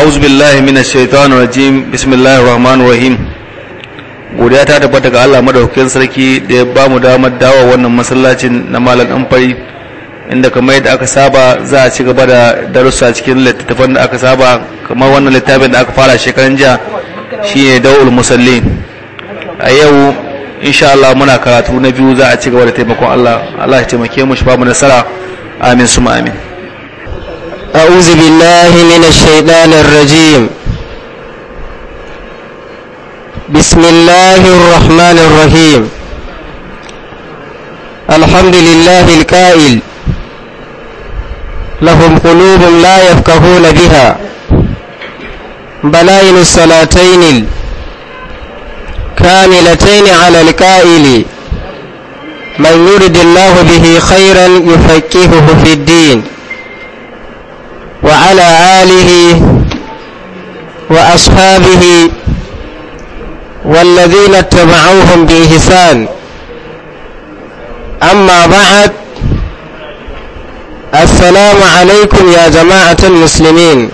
أعوذ بالله من الشيطان الرجيم بسم الله الرحمن الرحيم godiya ta tabbata ga Allah madaukakin sarki da ya bamu damar dawo wannan masallacin na malam amfari inda kamar yadda aka saba za a ci gaba da darussa cikin littattafan da aka saba kamar wannan littafin da aka fara shekaran jiya shine dawul musalli a yau insha Allah muna karatu na biyu za a ci gaba da taimakon Allah Allah ya taimake mu shi bamu nasara amin suma amin أعوذ بالله من الشيطان الرجيم بسم الله الرحمن الرحيم الحمد لله الكائل لهم قلوب لا يفقهون بها بلائن الصلاتين الكاملتين على الكائل من يرد الله به خيرا يفكهه في الدين وعلى آله وأصحابه والذين اتبعوهم بإحسان أما بعد السلام عليكم يا جماعة المسلمين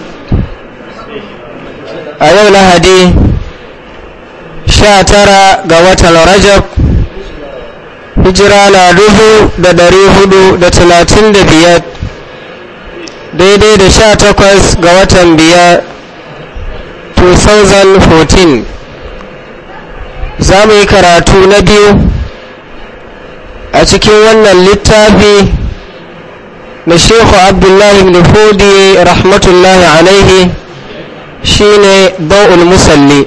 أيها الهدي شاترا قوة رجب hijira na dubu da dari hudu da talatin da biyar daidai da sha takwas ga watan biyar 2014 za mu yi karatu na biyu a cikin wannan littafi na Shehu abdullahi ibn rahmatullahi alaihi shine ba'ul musalli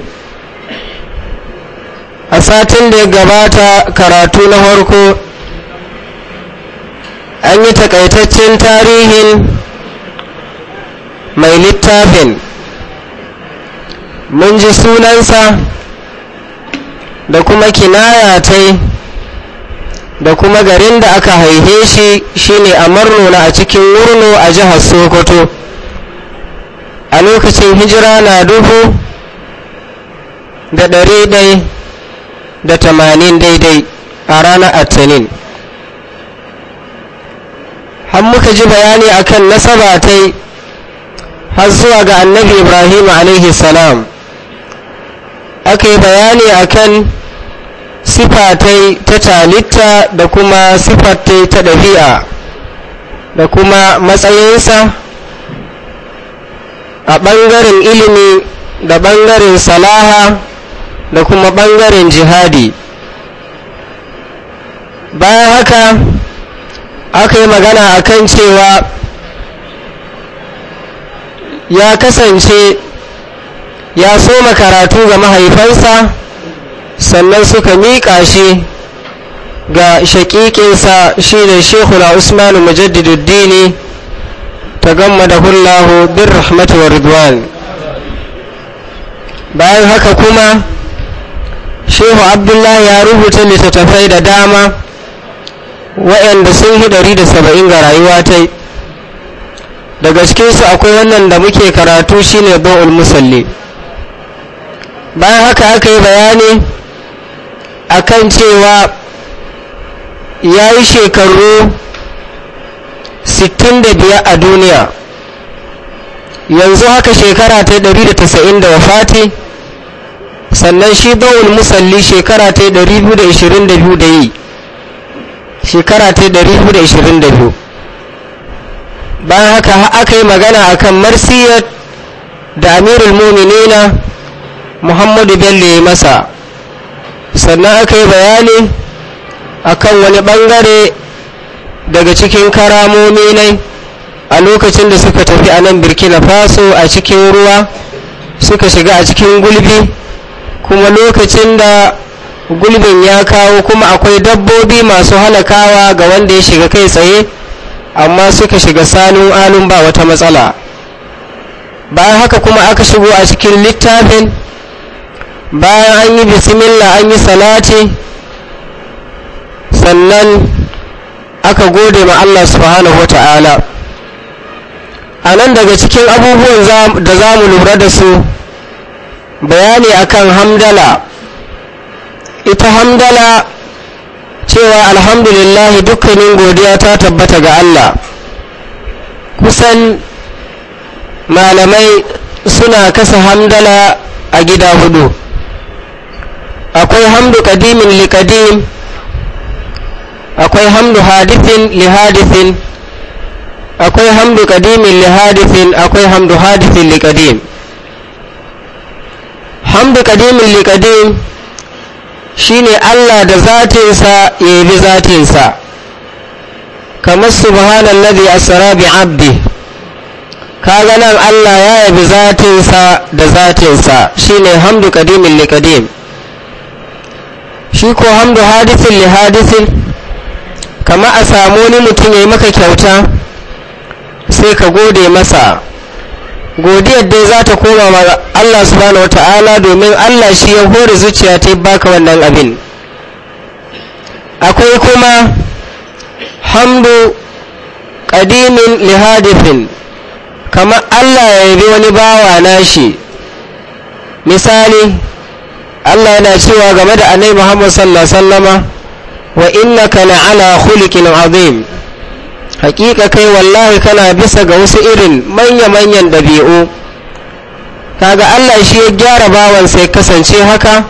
a satin da ya gabata karatu na farko an yi takaitaccen tarihin mai littafin mun ji sunansa da kuma kinaya ta da kuma garin da aka haihe shi shine a marnona a cikin wurno a jihar sokoto a lokacin hijira na dubu da ɗari ɗai da tamanin daidai a ranar attanin, har muka ji bayani akan nasaba ta har zuwa ga annabi ibrahim alaihi salam aka yi bayani akan sifatai ta talitta da kuma sifatai ta ɗabi'a da kuma matsayinsa a ɓangaren ilimi da ɓangaren salaha da kuma ɓangaren jihadi bayan haka aka yi magana a kan cewa ya kasance ya soma karatu ga mahaifansa sannan suka miƙa shi ga shaƙiƙinsa shi ne na usmanu mujaddiduddini ta gamma da hullahu bin rahmatu wa ridwan bayan haka kuma shehu abdullahi ya rubuta littattafai da dama waɗanda sun yi saba'in ga rayuwa ta yi daga cikinsu akwai wannan da muke karatu shine ba'ul musalli bayan haka aka yi bayani akan cewa ya yi shekaru 65 a duniya yanzu haka shekara ta 190 da wafati sannan shi ba'ul musalli shekara ta 222 da yi shekara ta 222 bayan haka aka yi magana a kan marsiyar da amirul muminina muhammadu bello ya masa sannan aka yi bayani a kan wani bangare daga cikin karamomi ne a lokacin da suka tafi a nan birkina faso a cikin ruwa suka shiga a cikin gulbi kuma lokacin da gulbin ya kawo kuma akwai dabbobi masu halakawa ga wanda ya shiga kai tsaye amma suka shiga sanin alun ba wata matsala bayan haka kuma aka shigo a cikin littafin bayan an yi bismillah an yi salati sannan aka gode ma Allah subhanahu wata'ala a nan daga cikin abubuwan da za mu lura da su bayani akan hamdala ita hamdala cewa alhamdulillah dukkanin godiya ta tabbata ga Allah kusan malamai suna kasa hamdala a gida hudu akwai hamdu kadimin li kadim akwai hamdu hadithin li hadithin akwai hamdu kadimin li hadithin akwai hamdu hadithin li kadim hamdu kadimin li kadim shine Allah da zatinsa ya yabi zatinsa kamar biyu asra bi abdi ka nan Allah ya yi bi zatinsa da zatinsa shine hamdu kadimin li shi ko hamdu hadisin li hadisin kama a samu wani mutum ya yi maka kyauta sai ka gode masa godiyar dai za ta koma ma Allah subhanahu wata'ala domin Allah shi ya hore zuciya ta baka wannan abin akwai kuma hamdu ƙadimin lihadifin kamar Allah ya yabi wani bawa nashi misali Allah yana cewa game da annabi Muhammad sallallahu alaihi wasallama wa innaka la'ala khuliqin azim hakika kai wallahi kana bisa ga wasu irin manya-manyan dabi'u kaga Allah shi ya gyara bawan sai kasance haka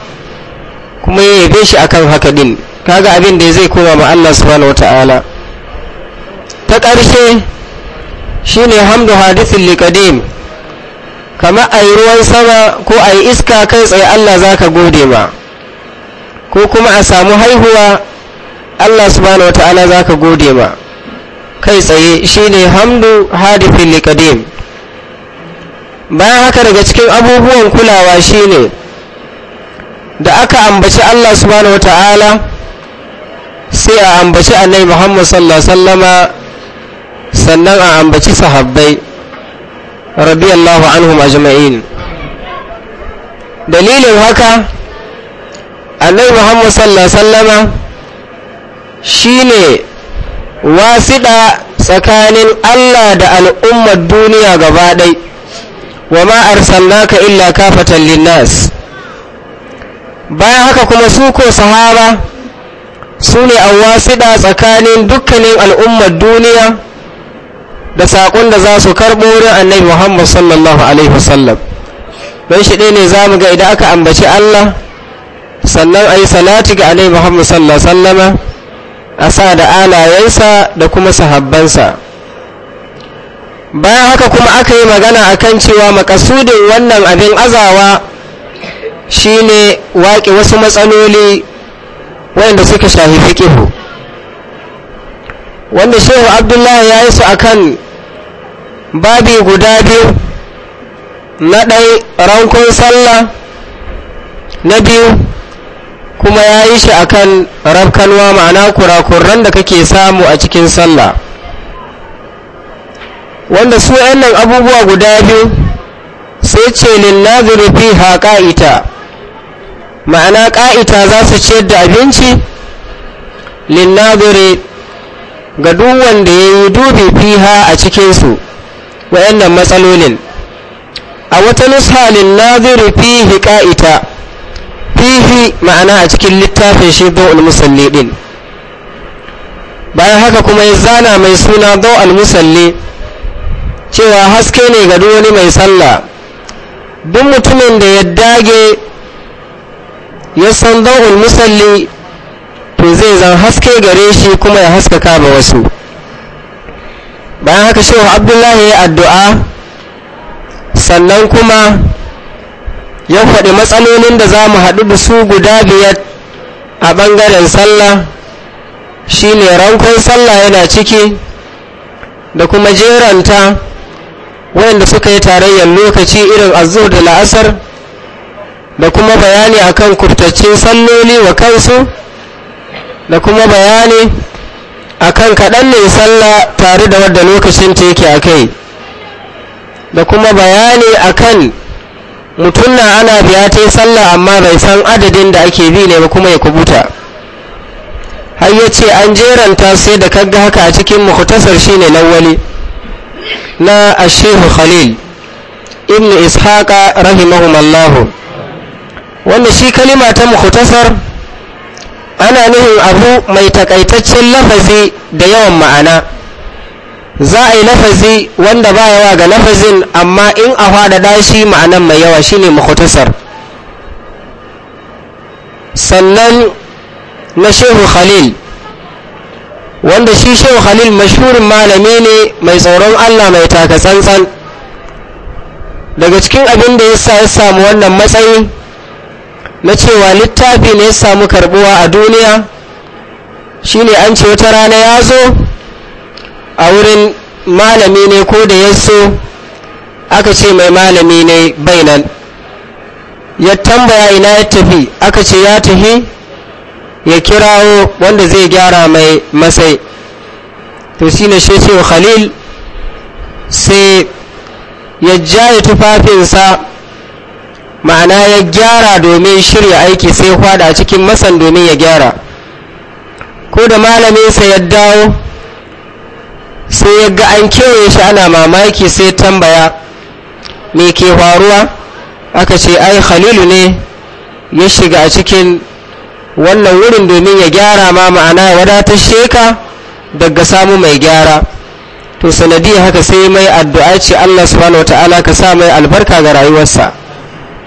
kuma ya yabe shi akan haka din kaga abin da zai koma ma Allah subhanahu wata'ala ta ƙarshe shine hamdu hadithin liqadim kama a yi ruwan sama ko a yi iska kai tsaye Allah za ka gode ma ko kuma a samu haihuwa Allah subhanahu wata'ala za ka gode ma kai tsaye shine hamdu hadifin liqadim bayan haka daga cikin abubuwan kulawa shine da aka ambaci Allah subhanahu wata'ala sai a ambaci annabi Muhammad sallallahu sallama sannan a ambaci sahabbai radiyallahu anhum ajma'in dalilin haka annabi Muhammad sallallahu sallama shine wasiɗa tsakanin Allah da al'ummar duniya gaba ɗai wa ma ka illa kafatan linnas bayan haka kuma su ko sahaba su ne an wasiɗa tsakanin dukkanin al'ummar duniya da saƙon da za su karɓo wurin annabi muhammad sallallahu alaihi wasallam don shi ɗaya ne za mu ga idan aka ambaci allah sannan a yi salati ga annabi muhammad sallallahu alaihi wasallama a sa da alayensa da kuma sahabbansa bayan haka kuma aka yi magana a kan cewa makasudin wannan abin azawa shine waƙe wasu matsaloli wanda suka shafi fiƙihu wanda shehu abdullahi ya yi su akan babi guda biyu na ɗai rankon sallah na biyu kuma ya yi shi akan rafkanwa ma'ana kurakuran da kake samu a cikin sallah wanda su yannan abubuwa guda biyu sai ce linnaziri fiha ƙa'ita ma'ana ƙa'ita za su ciyar da abinci linnaziri ga duk wanda ya yi dubi fiha a cikinsu wa'annan matsalolin a wata nusa linnaziri fihi ƙa'ita fihi ma'ana a cikin littafin shi dawul musalli din bayan haka kuma ya zana mai suna dawul musalli cewa haske ne ga duk wani mai sallah duk mutumin da ya dage ya san dawul musalli to zai zan haske gare shi kuma ya haskaka ba wasu bayan haka shehu abdullahi ya addu'a sannan kuma ya faɗi matsalolin da za mu haɗu da su guda biyar a ɓangaren sallah shine rankon sallah yana ciki da kuma jeranta wayanda suka yi tarayyar lokaci irin azur da la'asar da kuma bayani akan kubtaccen salloli wa kansu da kuma bayani akan kaɗan ne sallah tare da wadda lokacin ta yake a kai da kuma bayani akan mutum na ana biya ta yi sallah amma bai san adadin da ake bi ne ba kuma ya kubuta har ya ce an jeranta sai da kagga haka a cikin shi shine lawali na ashehu khalil ibn ishaqa rahimahumallahu wanda shi kalima ta mukhtasar ana nuhin abu mai takaitaccen lafazi da yawan ma'ana za a yi lafazi wanda ba yawa ga lafazin amma in a faɗaɗa shi ma'anan mai yawa shine mahutasar sannan na shehu khalil wanda shi shehu khalil mashurin malami ne mai tsoron allah mai taka tsantsan daga cikin abin da ya ya samu wannan matsayi na cewa littafi ne ya samu karbuwa a duniya shine an ce wata rana ya zo a wurin malami ne ko da ya aka ce mai malami ne bainan ya tambaya ina ya tafi aka ce ya tafi ya kirawo wanda zai gyara mai masai to shi ne shi ce khalil sai ya jaye tufafinsa ma'ana ya gyara domin shirya aiki sai kwada cikin masan domin ya gyara ko da malaminsa ya dawo sai ya ga an kewaye shi ana mamaki sai tambaya me ke faruwa aka ce ai khalilu ne ya shiga a cikin wannan wurin domin ya gyara ma ma'ana ya wadatar sheka daga samu mai gyara to sanadiyar haka sai mai addu'a ce Allah subhanahu wata'ala ka sa mai albarka ga rayuwarsa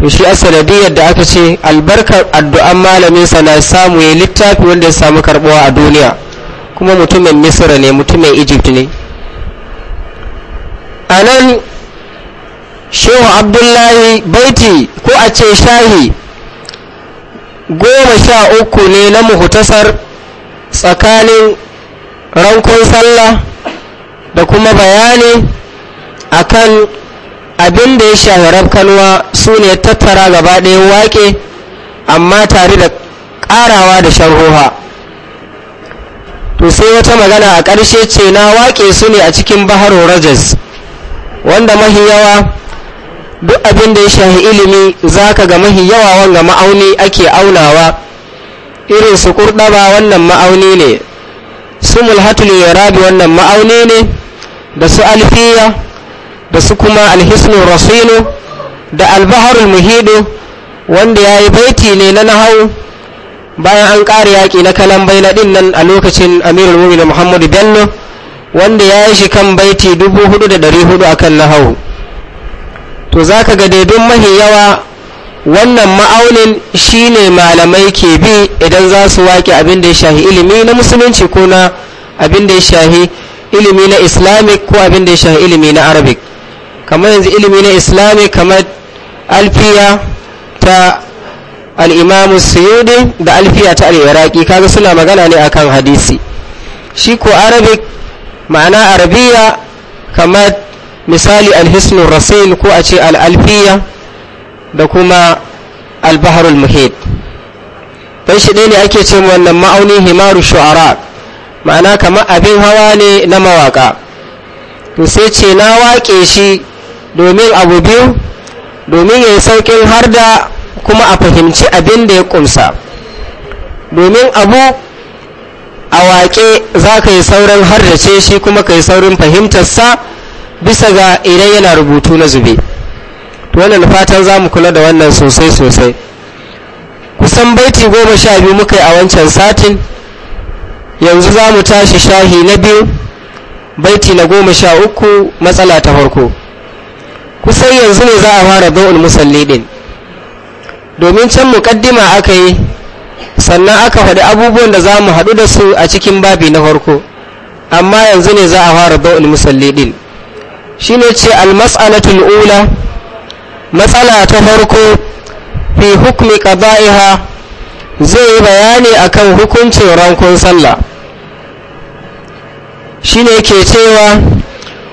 to shi a sanadiyar da aka ce albarkar addu'an malaminsa na samu ya littafi wanda ya samu karbuwa a duniya kuma mutumin misira ne mutumin egypt ne a nan shehu abdullahi baiti ko a ce shahi goma sha uku ne na muhutasar tsakanin rankon sallah da kuma bayani akan abin da ya shafi rafkanwa su ne tattara gaba ɗaya wake amma tare da ƙarawa da sharhoha to sai wata magana a ƙarshe ce na wake su ne a cikin baharo rajas wanda mahi yawa duk abin da ya shahi ilimi za ka ga mahi yawa wanga ma'auni ake aunawa irin su kurɗaba wannan ma'auni ne su mulhatul yarabi wannan ma'auni ne da su alfiya da su kuma alhisnu rasinu da albaharul muhido wanda ya yi baiti ne na nahau bayan an ƙara yaƙi na kalambai na ɗin nan a lokacin amirul mumin muhammadu bello wanda ya yi shi kan baiti 4,400 a kan nahawu to za ka ga daidun mahi yawa wannan ma'aunin shi ne malamai ke bi idan za su wake abin da ya shahi ilimi na musulunci ko na abin da ya shahi ilimi na islamic ko abin da ya shahi ilimi na arabic kamar yanzu ilimi na islamic kamar alfiya ta al'imamu suyudin da alfiya ta al'iraki kaga suna magana ne akan hadisi shi ko arabic ma'ana arabiya kamar misali alhisnul rasil ko a ce al'alfiya da kuma albaharul muhid don shi ɗaya ne ake ce wannan ma'auni himaru shu'ara ma'ana kamar abin hawa ne na mawaƙa to sai ce na waƙe shi domin abu biyu domin ya yi sauƙin har da kuma a fahimci abin da ya ƙumsa domin abu a waƙe za ka yi saurin harrace shi kuma ka yi saurin fahimtarsa bisa ga idan yana rubutu na zube wannan fatan za mu kula da wannan sosai sosai kusan baiti goma sha biyu muka yi a wancan satin yanzu za mu tashi shahi na biyu baiti na goma sha uku matsala ta farko kusan yanzu ne za a fara zo'ul musalli din domin can muƙaddima aka yi sannan aka faɗi abubuwan da za mu haɗu da su a cikin babi na farko amma yanzu ne za a fara ba'ul musalli din shi ne ce almas'alatul ula matsala ta farko fi hukmi qada'iha zai yi bayani akan hukuncin rankun salla. shi ne ke cewa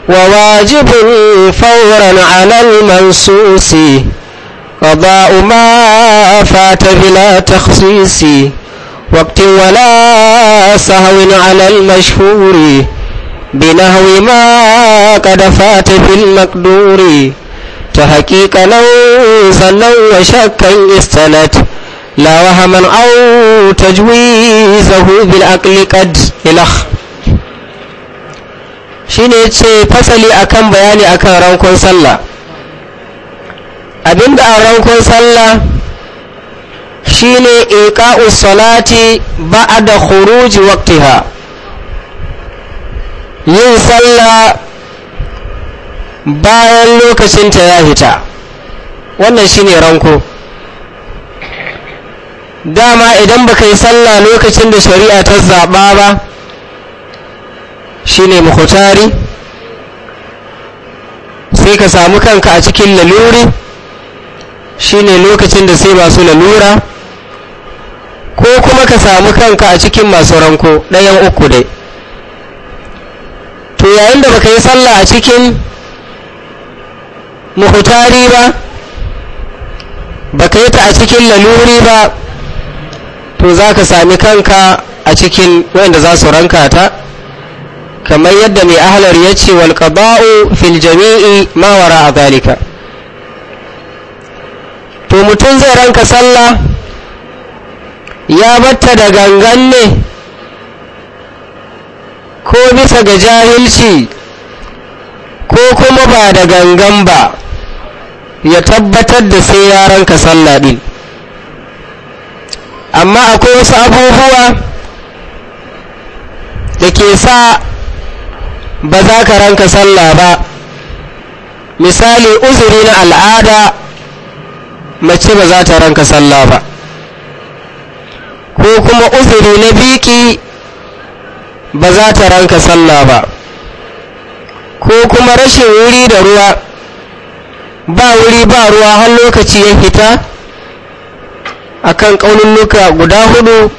wa wajibin fawran alal mansusi قضاء ما فات بلا تخصيص وقت ولا سهو على المشهور بنهو ما قد فات في المقدور تحقيق لو ظنا وشكا استلت لا وهما أو تجويزه بالعقل قد إلخ shine فصلي fasali بياني bayani akan rankon sallah abinda a rankon sallah shine iqa'u salati ba'da khuruj waqtiha yin sallah bayan lokacin ta ya hita wannan shine ranko dama idan baka yi sallah lokacin da shari'a ta zaba ba shine muhtari sai ka samu kanka a cikin laluri shine lokacin da sai masu lalura ko kuma ka samu kanka a cikin masu ranko ɗayan uku dai to yayin da baka yi sallah a cikin muhutari ba baka yi ta a cikin laluri ba to za ka sami kanka a cikin wanda za su ranka ta kamar yadda mai ahalar ya ce walƙaba'u filjami'i mawara a to mutum zai ranka sallah ya batta da gangan ne ko bisa ga jahilci ko kuma ba da gangan ba ya tabbatar da sai ya ranka sallah din amma akwai wasu abubuwa da ke sa ba za ka ranka sallah ba misali uzuri na al'ada mace ba za ta ranka sallah ba ko kuma uzuri na biki ba za ta ranka sallah ba ko kuma rashin wuri da ruwa ba wuri ba ruwa har lokaci ya fita akan ƙaununuka guda hudu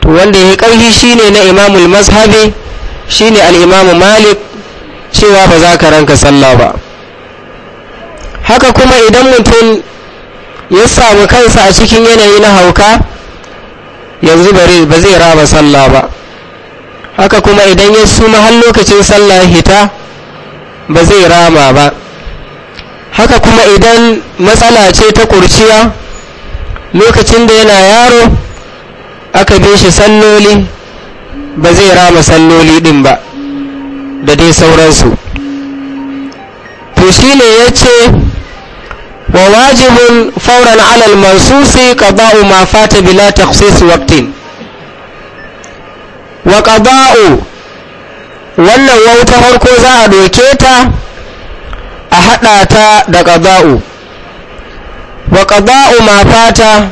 to wanda ya ƙarfi shine na imamul mazhabi shine al'imamu malik cewa ba za ka ranka sallah ba haka kuma idan mutum ya samu kansa a cikin yanayi na hauka yanzu bari ba zai raba sallah ba haka kuma idan ya suma har lokacin sallah hita ba zai rama ba haka kuma idan matsala ce ta kurciya lokacin da yana yaro aka bi shi salloli ba zai rama salloli din ba da dai sauransu to shi ne ya ce وواجب فورا على المنصوص قضاء ما فات بلا تخصيص وقت وقضاء wannan wauta farko za a doke ta a haɗa ta da ƙaba'u wa ƙaba'u ma fata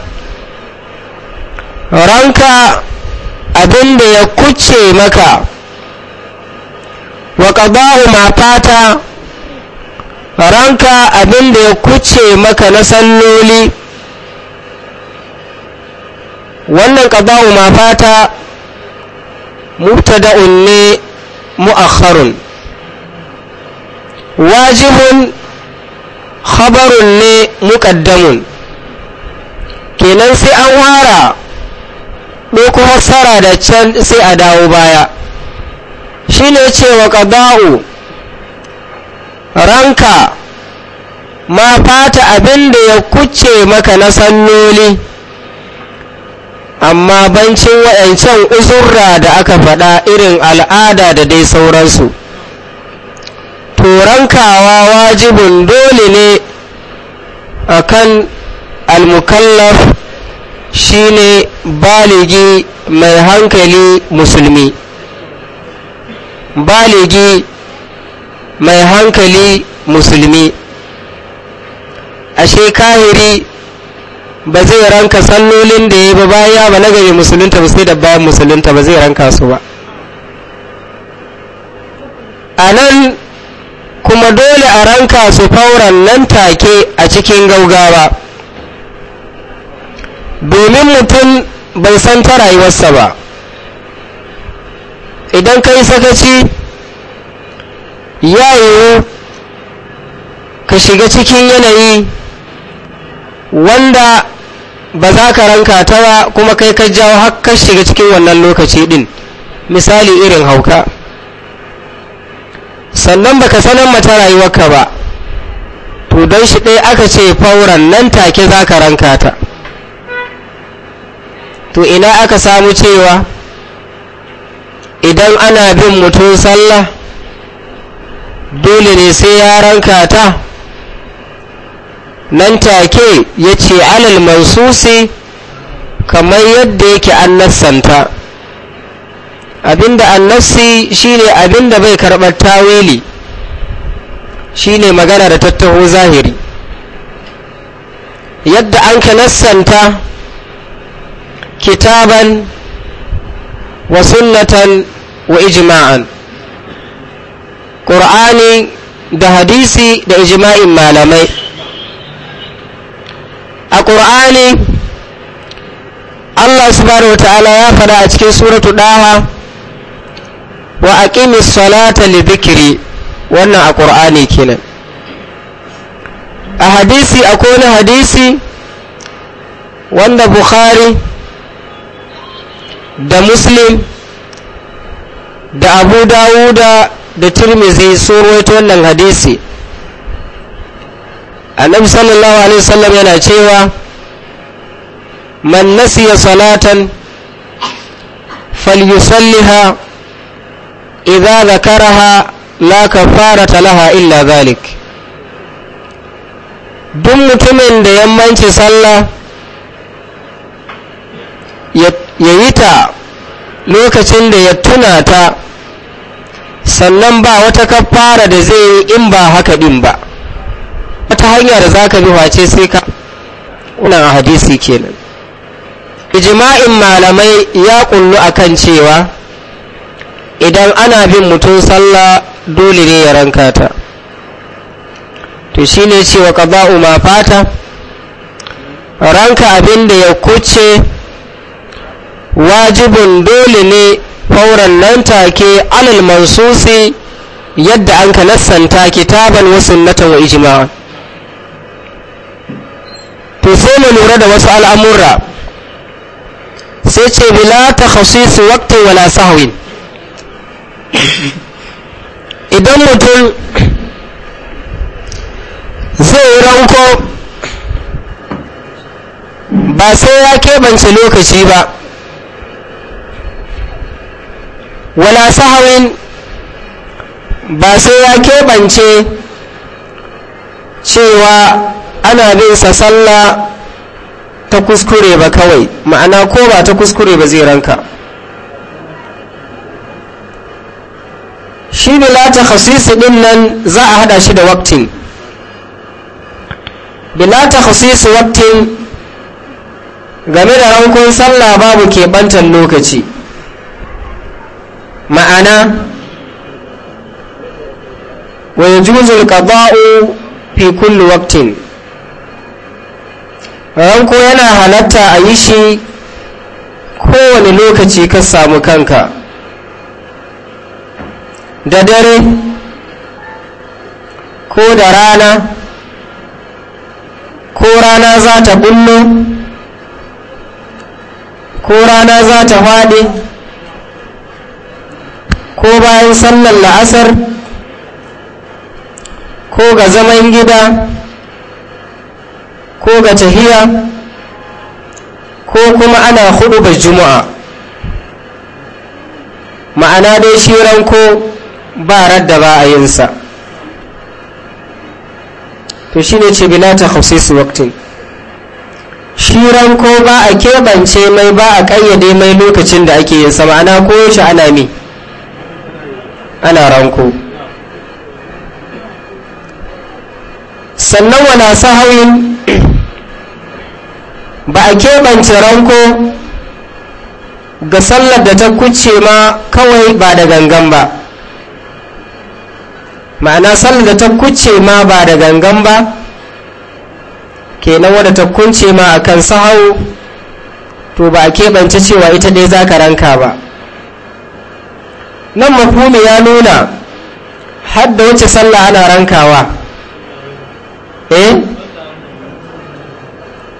ranka abinda ya kuce maka wa ƙaba'u ma fata ranka abin da ya kuce maka na salloli wannan ƙaba'u ma fata mubtada'un ne mu'akharun wajibun khabarun ne muqaddamun kenan sai an wara ko kuma tsara da can sai a dawo baya shi ne cewa ƙaba'u ranka ma fata abin da ya kuce maka na sannoli amma bancin waɗancan uzurra da aka faɗa irin al'ada da dai sauransu turankawa wajibin dole ne akan almukallaf shine baligi mai hankali musulmi baligi mai hankali musulmi ashe kahiri ba zai ranka sallolin da ya ba baya ba nagari musulunta ba sai da bayan musulunta ba zai ranka su ba a nan kuma dole a ranka su fauran nan take a cikin gaugawa domin mutum bai san ta rayuwarsa ba idan ka yi sakaci ya ka shiga cikin yanayi wanda ba za ka ranka ta ba kuma kai ka jawo har shiga cikin wannan lokaci din misali irin hauka sannan baka sanin mata rayuwarka ba to don shi ɗaya aka ce fauran nan take za ka ranka ta to ina aka samu cewa idan ana bin mutum sallah dole ne sai ya ranka ta nan take ya ce alal mansusi kamar yadda yake an nassanta abinda annassi shine abinda bai karɓar tawili shine magana da tattaho zahiri yadda an ka nassanta kitaban wa sunnatan wa ijma'an ƙur'ani da hadisi da ijma'in malamai a ƙur'ani allah subhanahu ta'ala ya faɗa a cikin suratu ɗaha wa aqimis salata li dhikri wannan a ƙur'ani kenan a hadisi akwai wani hadisi wanda bukhari da muslim da abu dawuda da turmizi su wannan hadisi annabi sallallahu alaihi wasallam yana cewa man nasiya salatan falyusalliha idza zakaraha la kafarata laha illa zalik duk mutumin da yammanci sallah ya yi ta lokacin da ya tuna ta sannan ba wata kafara da zai yi in ba haka din ba wata hanya da za ka bi wace sai ka wannan hadisi kenan ijma'in malamai ya kullu akan cewa idan ana bin mutum sallah dole ne ya ranka ta to shine cewa qada'u ma fata ranka abin da ya kuce wajibin dole ne fauran nan take alal mansusi yadda an ka nassanta kitaban wasu sunnatan wa ijma'a to sai mu lura da wasu al'amura sai ce bila takhassis waqtin wala sahwin idan mutum zai ranko ba sai ya kebance lokaci ba wala sahawin ba sai ya keɓance cewa ana bin sa sallah ta kuskure ba kawai ma'ana ko ba ta kuskure ba zai ranka shi bila ta khasisi din nan za a hada shi da waktin bila ta khasisi waktin game da rankun sallah babu keɓantar lokaci ma'ana wa juzul qada'u fi kulli waqtin ranko yana halatta a yi shi kowane lokaci ka samu kanka da dare ko da rana ko rana za ta bullo ko rana za ta faɗi ko bayan sallar la'asar ko ga zaman gida ko ga tahiya ko kuma ana hudu ba juma'a ma'ana dai shi ranko ba radda ba a yinsa to shine ce bila ta su waktin shi ranko ba a keɓance mai ba a ƙayyade mai lokacin da ake yinsa ma'ana ko yaushe ana mai ana ranko sannan wana sahawin ba a keɓance ranko ga sallar da ta kuce ma kawai ba da gangan ba ma'ana sallar da ta kuce ma ba da gangan ba kenan wadda ta kunce ma akan sahau to ba a keɓance cewa ita dai za ka ranka ba nan mafhumi ya nuna hadda wacce sallah ana rankawa eh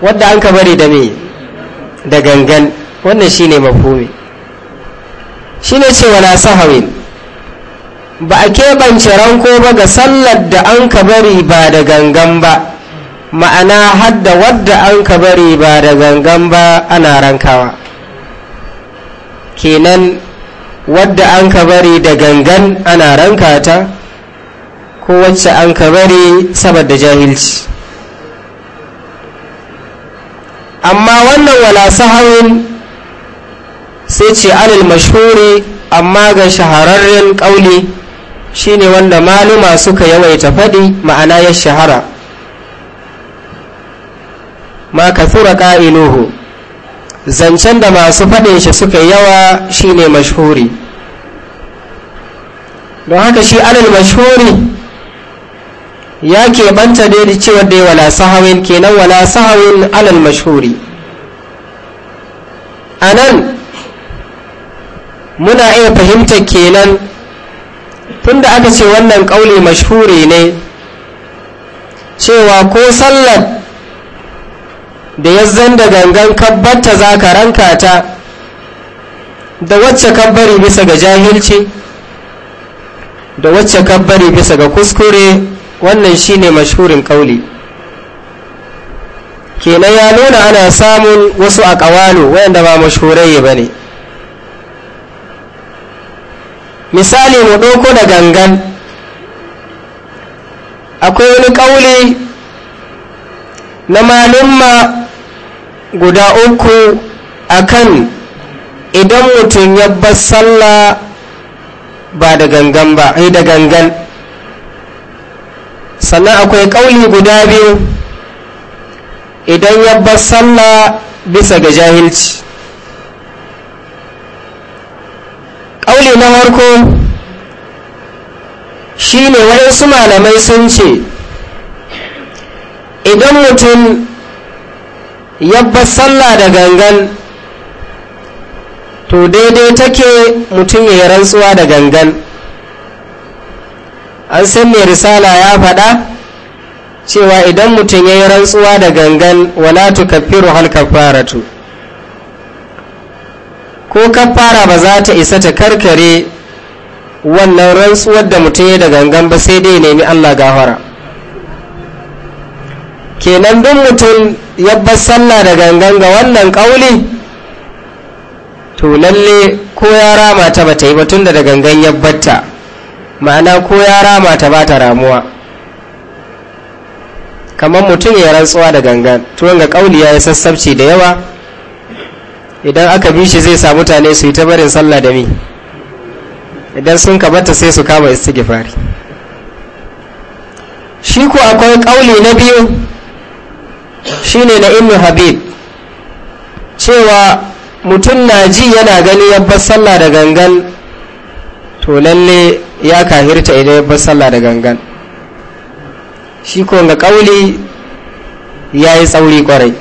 wadda an ka bari da me da gangan wannan shi ne shine shi ne cewa na sahawin ba a keɓance ranko ba ga sallar da an ka bari ba da gangan ba ma'ana hadda wadda an ka bari ba da gangan ba ana rankawa kenan wadda an ka bari da gangan ana ranka ta ko wacce an ka bari saboda jahilci amma wannan wala sahawin sai ce alil mashhuri amma ga shahararren kauli shine wanda maluma suka yawaita fadi ma'ana ya shahara ma kathura ƙa'iluhu zancen da masu faɗin shi suka yawa shine mashhuri don haka shi alal mashhuri ya banta da yadda cewa da wala sahawin kenan wala sahawin alal mashhuri a nan muna iya fahimtar kenan tunda aka ce wannan ƙauli mashhuri ne cewa ko sallar da yazzan da gangan kabbarta za ka ranka ta da wacce kabbari bisa ga jahilci da wacce kabbari bisa ga kuskure wannan shine mashhurin kauli kenan ya nuna ana samun wasu a kawalu wayanda ba mashhurai ba ne misali mu ɗauko da gangan akwai wani ƙauli na malumma guda uku akan idan mutum ya bar sallah ba da gangan ba ai da gangan sannan akwai kauli guda biyu idan ya bar sallah bisa ga jahilci kauli na farko shine wani su malamai sun ce idan mutum yabba sallah da gangan to daidai take mutum ya yi rantsuwa da gangan an san mai risala ya faɗa cewa idan mutum ya yi rantsuwa da gangan wala tu kafiru hal tu. ko kafara ba za ta isa ta karkare wannan rantsuwar da mutum ya da gangan ba sai dai nemi Allah gafara kenan duk mutum ya bar sallah da gangan ga wannan kauli to lalle ko ya rama ta bata yi batun da gangan ya batta ma'ana ko ya rama ta ta ramuwa kamar mutum ya rantsuwa da gangan tuwon ga kauli ya yi sassabci da yawa idan aka bi shi zai sa mutane su yi ta barin sallah da mi idan sun kabata sai su kama istighfari shi ko akwai kauli na biyu shine na ibnu habib cewa mutum na ji yana gani yabbar sallah da gangan to lalle ya kahirta idan yabbar sallah da gangan shi ko ga kauli ya yi tsauri kwarai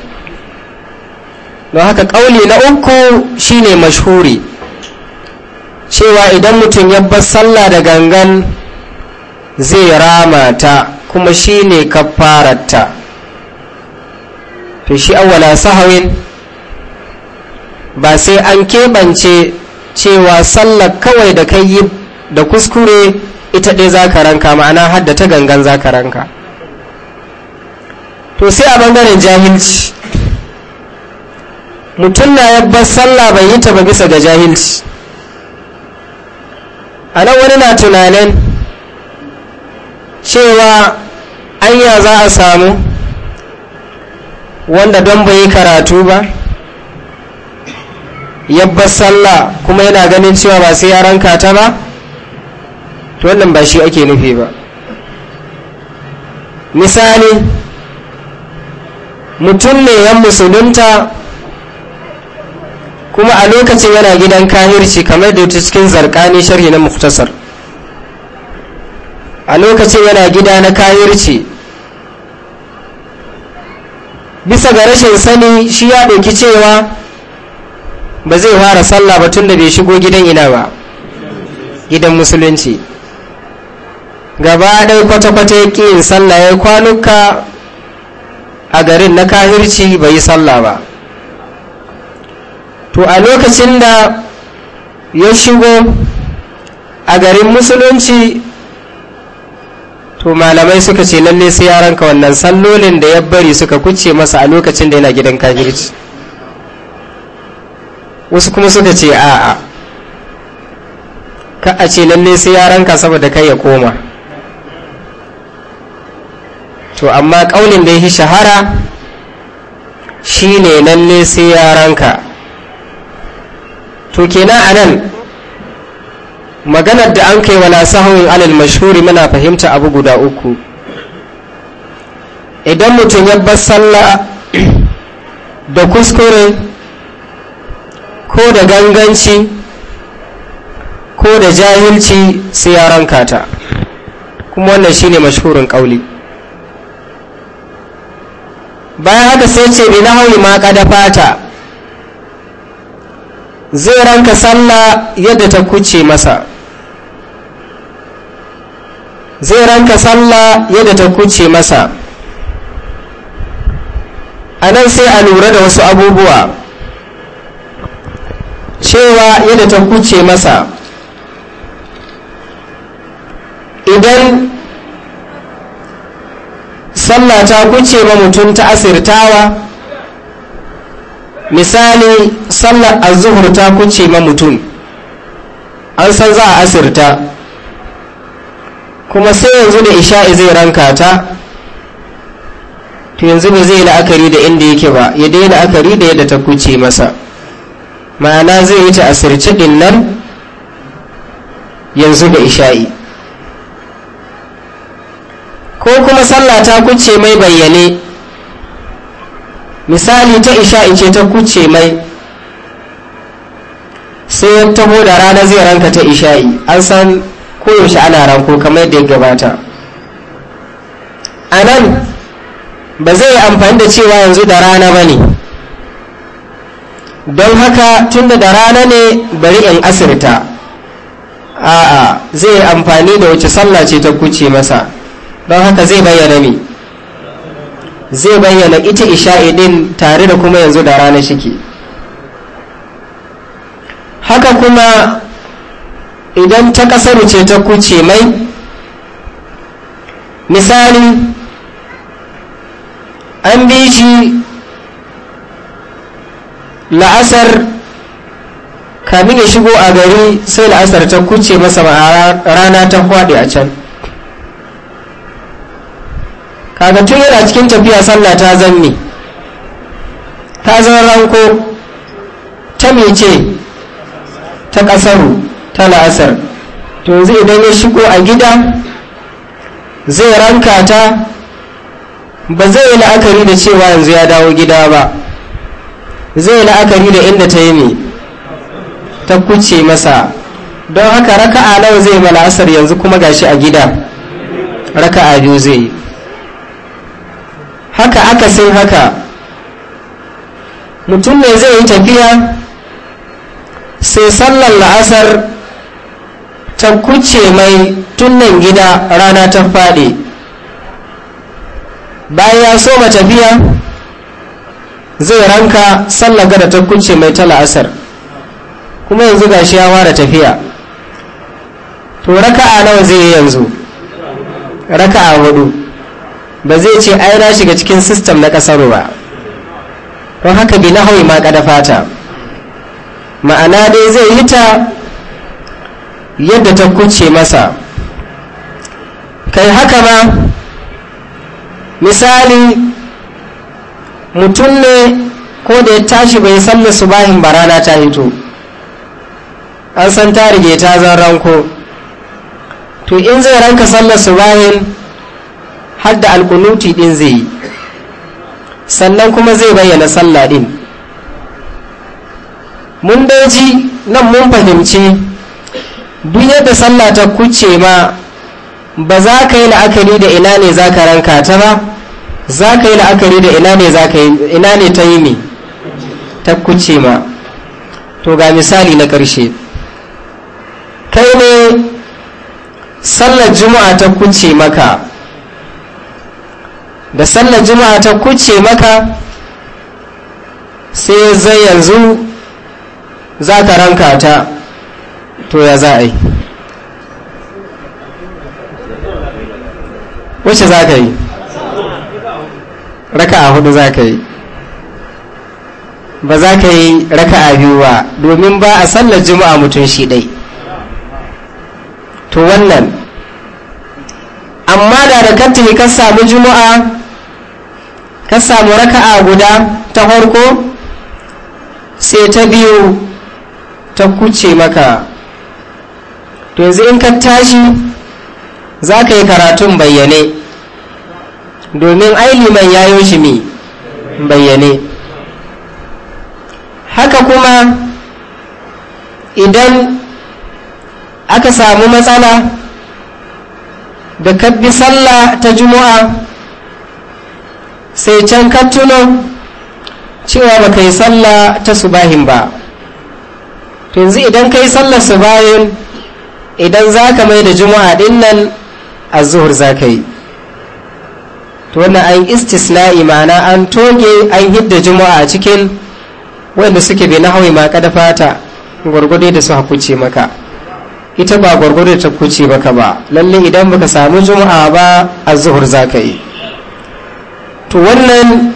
don haka kauli na uku shine mashhuri cewa idan mutum yabbar sallah da gangan zai rama ta kuma shine ta to shi awwala sahawin ba sai an kebance cewa sallar kawai da kai yi da kuskure ita ɗaya za ka ranka ma'ana haddata ta gangan za ka ranka to sai a bangaren jahilci mutum na yabbar sallah bai yi ta ba bisa ga jahilci a nan wani na tunanin cewa anya za a samu wanda don bai yi karatu ba yabbar sallah kuma yana ganin cewa ba sai yaran kata ba to wannan ba shi ake nufi ba misali mutum ne yan musulunta kuma a lokacin yana gidan kahirci kamar da ta cikin zarkani sharhi na muktasar a lokacin yana gida na kahirci bisa ga rashin sani shi ya ɗauki cewa ba zai fara sallah ba tun da bai shigo gidan ina ba gidan musulunci gaba ɗaya kwata-kwata ya ƙi yin sallah ya kwanuka a garin na kahirci bai yi sallah ba to a lokacin da ya shigo a garin musulunci to malamai suka ce lalle sai yaran ka wannan sallolin da ya bari suka kuce masa a lokacin da yana gidan kafirci wasu kuma suka ce a'a ka a ce lalle sai yaran ka saboda kai ya koma to amma ƙaunin da ya shahara shine lalle sai yaran ka to kenan anan. maganar da an kai wala sahawin alal mashhuri muna fahimta abu guda uku idan mutum ya bar sallah da kuskure ko da ganganci ko da jahilci sai ya ranka ta kuma wannan shine mashhurin kauli bayan haka sai ce bi na hauli ma kada fata zai ranka sallah yadda ta kuce masa zai ranka sallah yadda ta kuce masa a nan sai a lura da wasu abubuwa cewa yadda ta kuce masa idan sallah ta kuce ma mutum ta asirtawa misali sallar azuhur ta kuce ma mutum an san za a asirta kuma sai yanzu da isha'i zai ranka ta to yanzu ba zai la'akari da inda yake ba ya dai la'akari da yadda ta kuce masa ma'ana zai yi a asirce din nan yanzu da isha'i ko kuma sallah ta kuce mai bayyane misali ta isha'i ce ta kuce mai sai ya taho da rana zai ranka ta isha'i an san koyaushe ana ranko kamar yadda ya gabata a nan ba zai amfani da cewa yanzu da rana ba ne don haka tunda da rana ne bari in asirta a'a zai amfani da wace sallah ce ta kuce masa don haka zai bayyana ne. zai bayyana ita isha'i din tare da kuma yanzu da rana shike haka kuma idan ta ƙasar ce ta kuce mai misali an bi shi la'asar kamin ya shigo a gari sai la'asar ta kuce masa rana ta kwaɗe a can kaga yana cikin tafiya sallah ta zanne ta zan ranko ta mece ta ƙasaru ta la'asar to yanzu idan ya shigo a gida zai ranka ta ba zai yi la'akari da cewa yanzu ya dawo gida ba zai yi la'akari da inda ta yi ne ta kuce masa don haka raka'a nawa zai ma la'asar yanzu kuma gashi a gida raka'a biyu zai yi haka akasin haka mutum ne zai yi tafiya sai sallar la'asar ta kuce mai tunnan gida rana ta faɗi bayan ya soma tafiya zai ranka sallaga gada ta kuce mai ta la'asar kuma yanzu gashi ya ware tafiya to raka a nawa zai yi yanzu a hudu ba zai ce ai na shiga cikin sistem na kasar ba don haka bi na hawi ma kada fata ma'ana dai zai yi ta yadda ta kuce masa kai haka ma misali mutum ne ko da ya tashi bai sallar subahin barana ta hito an san ta rige ta zan ranko to in zai ranka sallar subahin har da alkunuti din zai yi sannan kuma zai bayyana sallah din mun daji nan mun fahimci duk yadda sallah ta kuce ma ba za ka yi la'akari da ina ne za ka ranka ta ba za ka yi la'akari da ina ne ta yi ne ta kuce ma to ga misali na ƙarshe kai ne sallar juma'a ta kuce maka da sallar juma'a ta kuce maka sai zai yanzu za ka ranka ta to ya za a yi wacce za ka yi raka'a hudu za ka yi ba za ka yi raka'a biyu ba domin ba a sallar juma'a mutum shi ɗai to wannan amma da da kantin ka samu juma'a ka samu raka'a guda ta farko sai ta biyu ta kuce maka to yanzu in ka tashi za ka yi karatun bayyane domin liman yi shi mai bayyane haka kuma idan aka samu matsala da kabbi sallah ta juma'a sai can kattuno cewa ba ka yi sallah ta subahin ba yanzu idan ka yi su subahin idan za ka mai da juma'a din nan a zuhur za ka yi to wannan an istisna'i ma'ana an toge an hidda juma'a cikin wanda suke bi na hawi maka da fata gwargwado da su hakuce maka ita ba gwargwado ta kuce maka ba lalle idan baka samu juma'a ba a zuhur za ka yi to wannan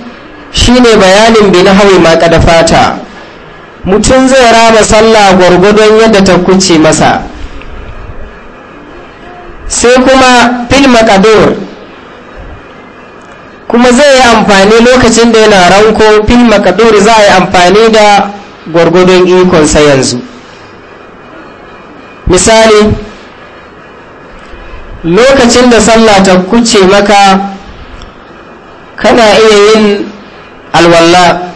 shine bayanin bi na hawi maka da fata mutum zai raba sallah gwargwadon yadda ta kuce masa sai kuma fil maqadur kuma zai yi amfani lokacin da yana ranko fil maqadur za a yi amfani da gwargwadon ikonsa yanzu misali lokacin da sallah ta kuce maka kana iya yin alwalla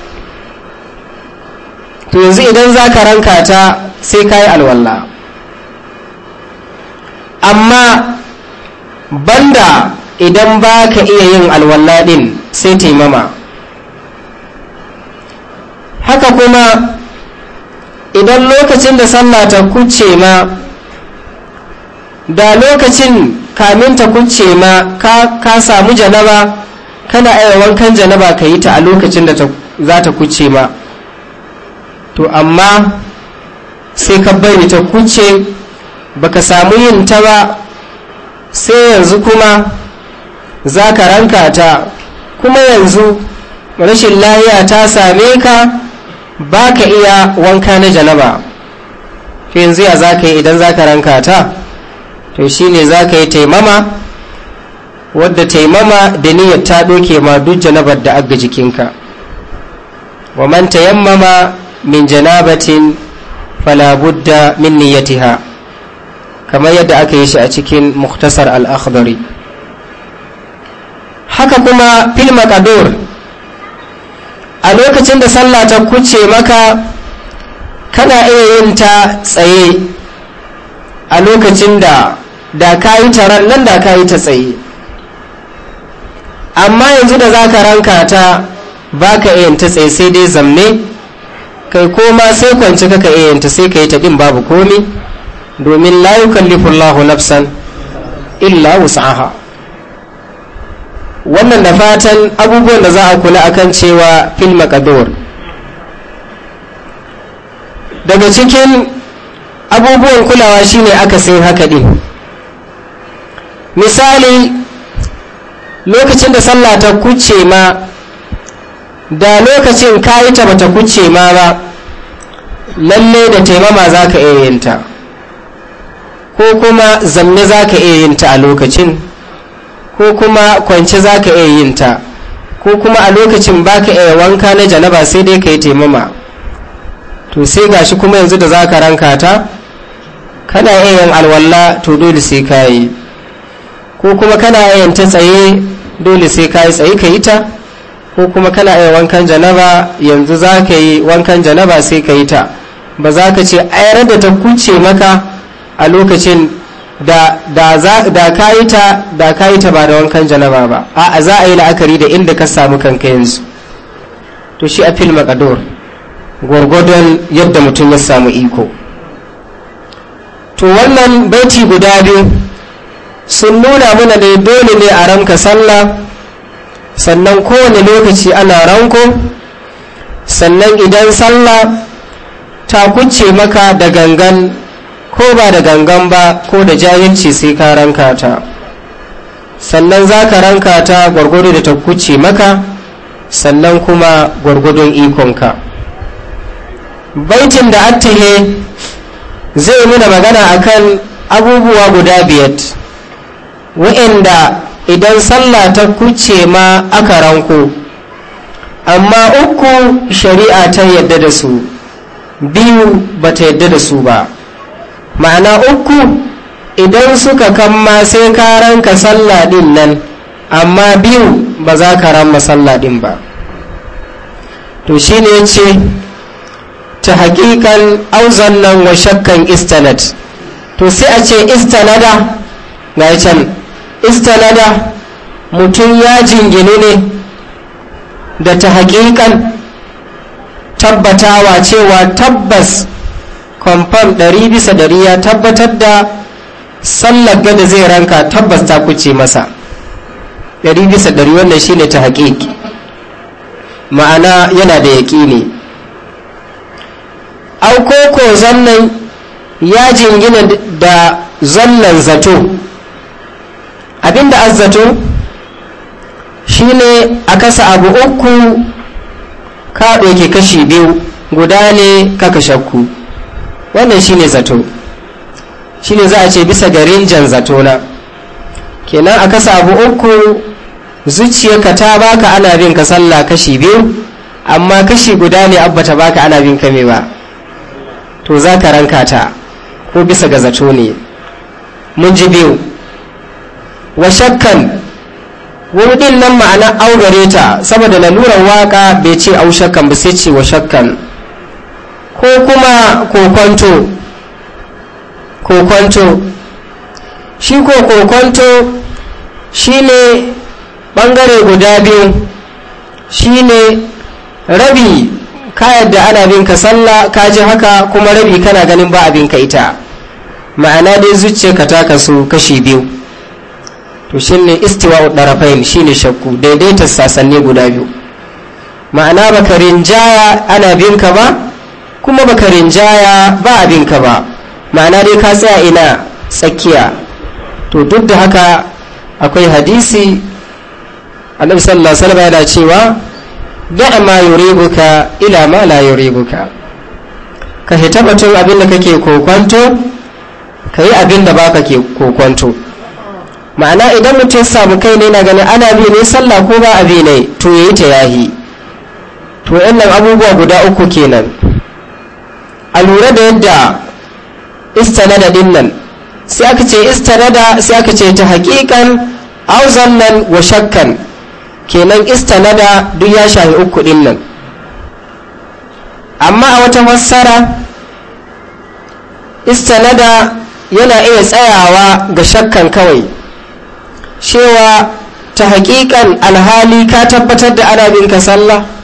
to yanzu idan za ka ranka ta sai ka yi alwalla amma banda idan ba ka iya yin alwala din sai taimama haka kuma idan lokacin da sallah ta kuce ma da lokacin kamin ta kuce ma ka, ka samu janaba kana aya wankan janaba ka yi ta a lokacin da za ta kuce ma to amma sai ka bari ta kuce baka samu yin ta ba sai yanzu kuma za ka ranka ta kuma yanzu rashin lahiya ta same ka ba ka iya wanka na janaba to yanzu ya za ka yi idan za ka ranka ta to shi ne za ka yi taimama wadda taimama da niyyar ta ɗoke ma duk janabar da aga jikinka wa man tayammama min janabatin falabudda min niyyatiha kamar yadda aka yi shi a cikin muktasar al’akhdari haka kuma filmakador a lokacin da sallah ta kuce maka kana iya yin ta tsaye a lokacin da da ka yi taron nan da ka yi ta tsaye amma yanzu da za ka ranka ta ba ka iya ta tsaye sai dai zamne kai koma sai kwanci kaka iya ta sai ka yi ta ɗin babu komi domin layukan yukallifu Allahu nafsan illa aha. wannan da fatan abubuwan da za a kula akan cewa fil maqdur daga cikin abubuwan kulawa shine sai haka din misali lokacin da sallah ta kuce ma da lokacin kayi ta bata kuce ma ba lalle da taimama za ka iya yinta ko kuma zanne za ka iya yin ta a lokacin ko kuma kwance za ka iya yin ta ko kuma a lokacin ba ka iya wanka na janaba sai dai ka yi taimama to sai gashi kuma yanzu da za ka ranka ta kana iya yin alwallah to dole sai ka yi ko kuma kana iya yin ta tsaye dole sai ka yi tsaye ka yi ta ko kuma kana iya wankan janaba yanzu za ka yi wankan janaba sai ka yi ta ba za ka ce ayar da ta kuce maka a lokacin da ka yi ta da ka yi ta ba da wankan janaba ba a za a yi la'akari da inda ka samu kanka yanzu to shi a fil makador gwargwadon yadda mutum ya samu iko to wannan baiti guda biyu sun nuna mana da dole ne a ranka sallah sannan kowane lokaci ana ranko sannan idan sallah ta kuce maka da gangan ko ba da gangan ba ko da jahilci sai ka ranka ta sannan za ka ranka ta gwargwado da ta kuce maka sannan kuma gwargwadon ikonka baitin da attihe zai nuna magana akan abubuwa guda biyar wa'inda idan sallah ta kuce ma aka ranko amma uku shari'a ta yadda da su biyu ba ta yadda da su ba ma'ana uku idan suka kamma sai ka ranka sallah din nan amma biyu ba za ka ramma sallah ba to ne ya ce ta hakikan auzan nan wa shakkan istanad to sai a ce istanada ga can istanada mutum ya jingini ne da ta hakikan tabbatawa cewa tabbas kwamfam ɗari bisa ɗari ya tabbatar da sallar gada zai ranka tabbas ta kuce masa ɗari bisa ɗari wannan ne ta haƙiƙi ma'ana yana da yaƙini aukoko zannan ya jingina da zannan zato abinda azzato shine a kasa abu uku ka ɗauke kashi biyu guda ne kaka shakku wannan shine zato shine za a ce bisa ga rinjan zato na kenan a kasa abu uku zuciyarka ta baka ana bin ka sallah kashi biyu amma kashi guda ne abba ta baka ana bin ka ba to za ka ranka ta ko bisa ga zato ne mun ji biyu wa shakkan wurin nan ma'ana augare ta saboda lalurar waka bai ce au shakkan ba sai ce wa shakkan ko kuma kokonto kokonto shi ko kokonto shine bangare guda biyu shine rabi ka yadda ana bin ka sallah ka ji haka kuma rabi kana ganin ba abin ka ita ma'ana dai zuciya ka taka su kashi biyu to ne istiwa shi shine shakku daidaita sasanni guda biyu ma'ana baka rinjaya ana bin ka ba kuma baka rinjaya ba abinka ba ma'ana dai ka tsaya ina tsakiya to duk da haka akwai hadisi annabi sallallahu alaihi wasallam yana cewa da'a ma yuribuka ila ma la yuribuka ka hita batun abin da kake kokwanto ka yi abin da baka ke kokwanto ma'ana idan mutum samu kai ne na ganin ana bi ne sallah ko ba abi ne to yayi ta yahi to nan abubuwa guda uku kenan a lura da yadda istanada din nan sai aka ce istanada sai aka ce ta haƙiƙan auzan nan wa shakkan kenan istanada duk ya shafi uku din amma a wata fassara istanada yana iya tsayawa ga shakkan kawai cewa ta haƙiƙan alhali ka tabbatar da ana bin ka sallah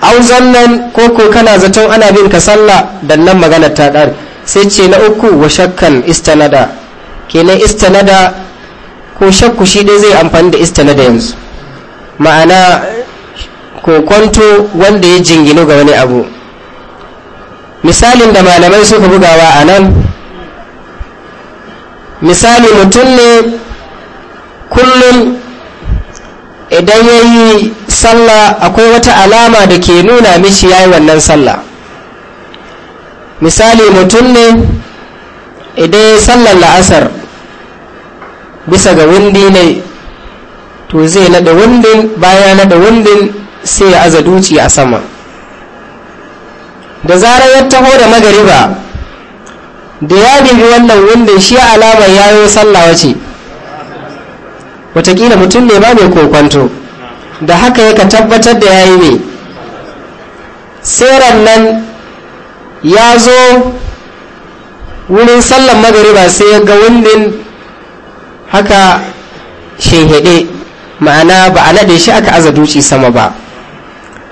nan ko ko kana zaton ana bin ka sallah dan nan magana ta dar sai ce na uku wa shakkan istanada kenan istanada ko shakku shi dai zai amfani da istanada yanzu ma'ana ko kwanto wanda ya jinginu ga wani abu misalin da malamai suka bugawa a nan misali mutum ne kullum idan ya yi sallah akwai wata alama da ke nuna mishi ya yi wannan sallah misali mutum ne idan ya sallar la'asar bisa ga wundi ne to zai nada wundin bayan nada wundin sai ya aza duci a sama da zarar ya taho da magariba da ya bibi wannan wundin shi alamar yayo sallah wace watakila mutum ne ba mai kokwanto da haka ya ka tabbatar da ya yi mai tseren nan ya zo wurin sallan magariba sai ya ga wundin haka shehede ma'ana ba a nade shi aka aza duci sama ba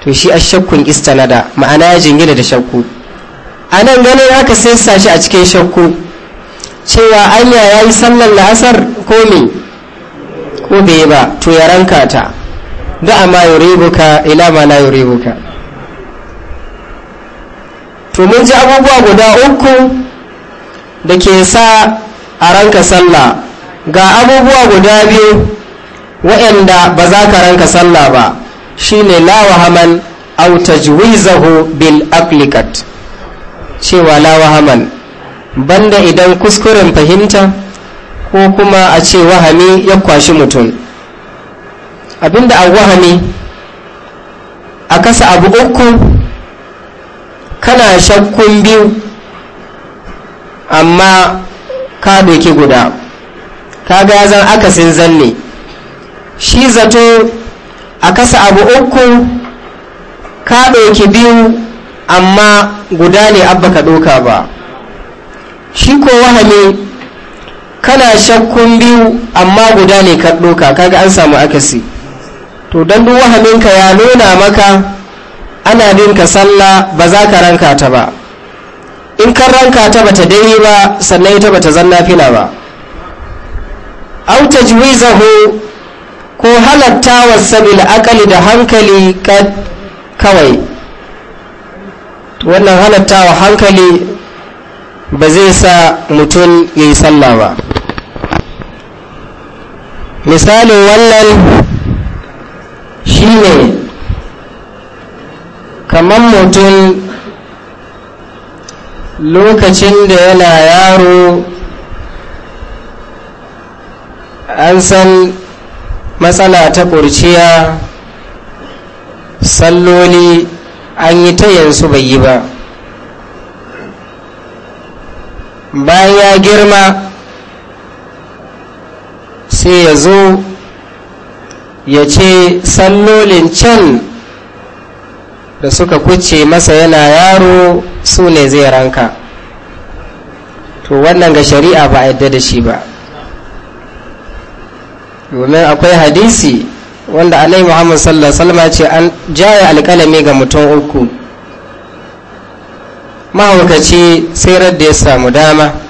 to shi a shakkun istanada ma'ana ya jingina da shakku a nan ganin aka sai shi a cikin shakku cewa anya ya yi sallan la'asar ko me ko bai ba to ya ranka ta da'a ma yuribuka ila ma la yuribuka to ji abubuwa guda uku da ke sa a ranka sallah ga abubuwa guda biyu waɗanda ba za ka ranka sallah ba shine la wahaman aw tajwizahu bil aplikat cewa la wahaman banda idan kuskuren fahimta ko kuma a ce wahami ya kwashi mutum abinda awwahami a kasa abu uku kana shakkun biyu amma ka doki guda ka ga zan akasin zanne shi zato a kasa abu uku ka ɗauki biyu amma guda ne abba ka ɗauka ba shi ko wahane kana shakkun biyu amma guda ne ka ɗauka kaga an samu akasi to don duk ka ya nuna maka ana bin ka sallah ba za ka ranka ta ba in kan ranka ta bata dai ba sannan ita bata zanna fila ba au tajwizahu ko halatta wasa akali da hankali kawai wannan halatta wa hankali ba zai sa mutum ya yi sallah ba misalin wannan Shi ne kamar mutum lokacin da yana yaro an san matsala ta ƙurciya salloli an yi ta yansu bai yi ba bayan ya girma sai ya zo ya ce sallolin can da suka kuce masa yana yaro su ne zai ranka to wannan ga shari'a ba a yadda da shi ba domin akwai hadisi wanda alai muhammad sallallahu salama ce an jaya alkalami ga mutum uku mahaukaci sai da ya samu dama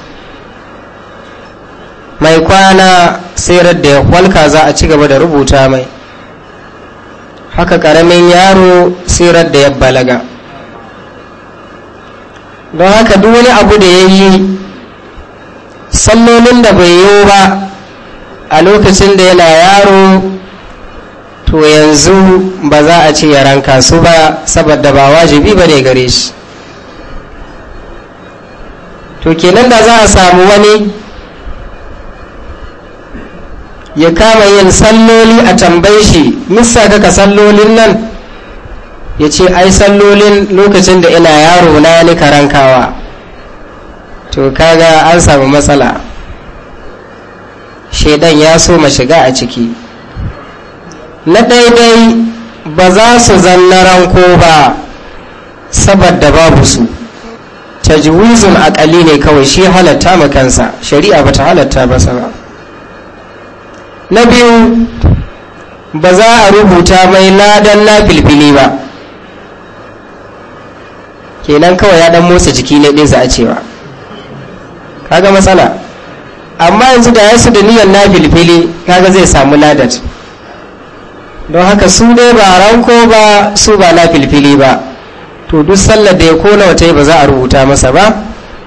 mai kwana sai da ya walka za a ci gaba da rubuta mai haka karamin yaro sai da ya balaga don haka duk wani abu da ya yi sallolin da bai yi ba a lokacin da yana yaro to yanzu ba za a ce ya kasu ba saboda ba wajibi ba ne gare shi to kenan da za a samu wani ya kama yin salloli a tambayi shi misa kaka sallolin nan ya ce ai sallolin lokacin da ina yaro na ni karankawa to kaga an samu matsala shaidan ya so ma shiga a ciki na daidai ba za su zanna ranko ba saboda babu su tajwizun akali ne kawai shi halatta makansa shari'a bata ta halatta ba na biyu ba za a rubuta mai ladan na filfili ba kenan kawai ya dan motsa jiki ne ɗin za a cewa kaga matsala amma yanzu da ya su da niyan na kaga zai samu ladat don haka su dai ba ranko ba su ba na ba to duk sallar da ya kona wata ba za a rubuta masa ba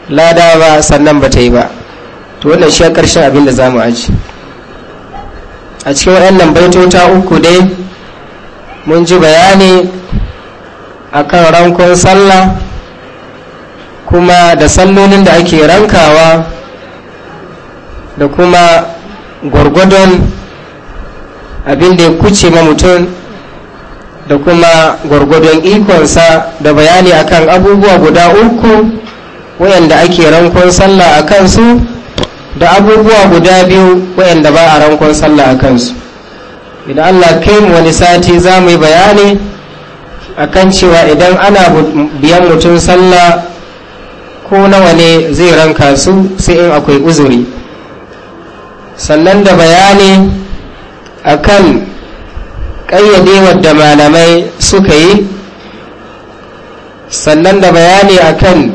lada ba sannan ba ta yi ba to wannan shi a ƙarshen abin da za mu aji a cikin waɗannan baitota uku dai mun ji bayani a kan rankon sallah kuma da sallolin da ake rankawa da kuma gwargwadon abin da ya kuce ma mutum da kuma gwargwadon ikonsa da bayani akan abubuwa guda uku wayanda ake rankon sallah a kansu da abubuwa guda biyu waɗanda ba a rankon sallah a kansu idan allah kai mu wani sati za mu yi bayani akan cewa idan ana biyan mutum sallah ko nawa ne zai ranka su sai in akwai uzuri sannan da bayani akan ƙayyadewar da malamai suka yi sannan da bayani akan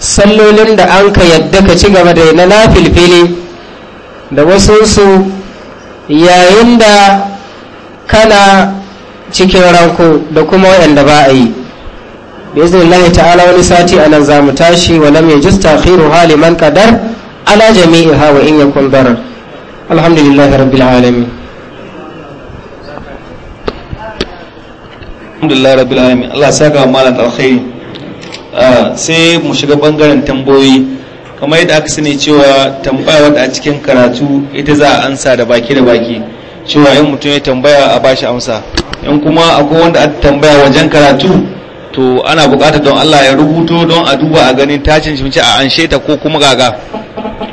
sallolin da an ka yadda ka ci gaba da na nafilfili da wasu su yayin da kana cikin ranko da kuma waɗanda ba a yi da izinin lahi ta'ala wani sati a nan za mu tashi wa lam yajuz takhiru haliman kadar ala jami'i hawa in yakun darar alhamdulillahi rabbil alamin alhamdulillahi rabbil alamin Allah saka malam alkhairi Ah, sai mu shiga bangaren tambayoyi kamar yadda aka sani cewa tambaya wadda a cikin karatu ita za a ansa da baki da baki cewa yin mutum ya tambaya a bashi amsa in kuma akwai wanda aka tambaya wajen karatu to ana bukata don Allah ya rubuto don a duba a ganin ta cancanci a anshe ta ko kuma gaga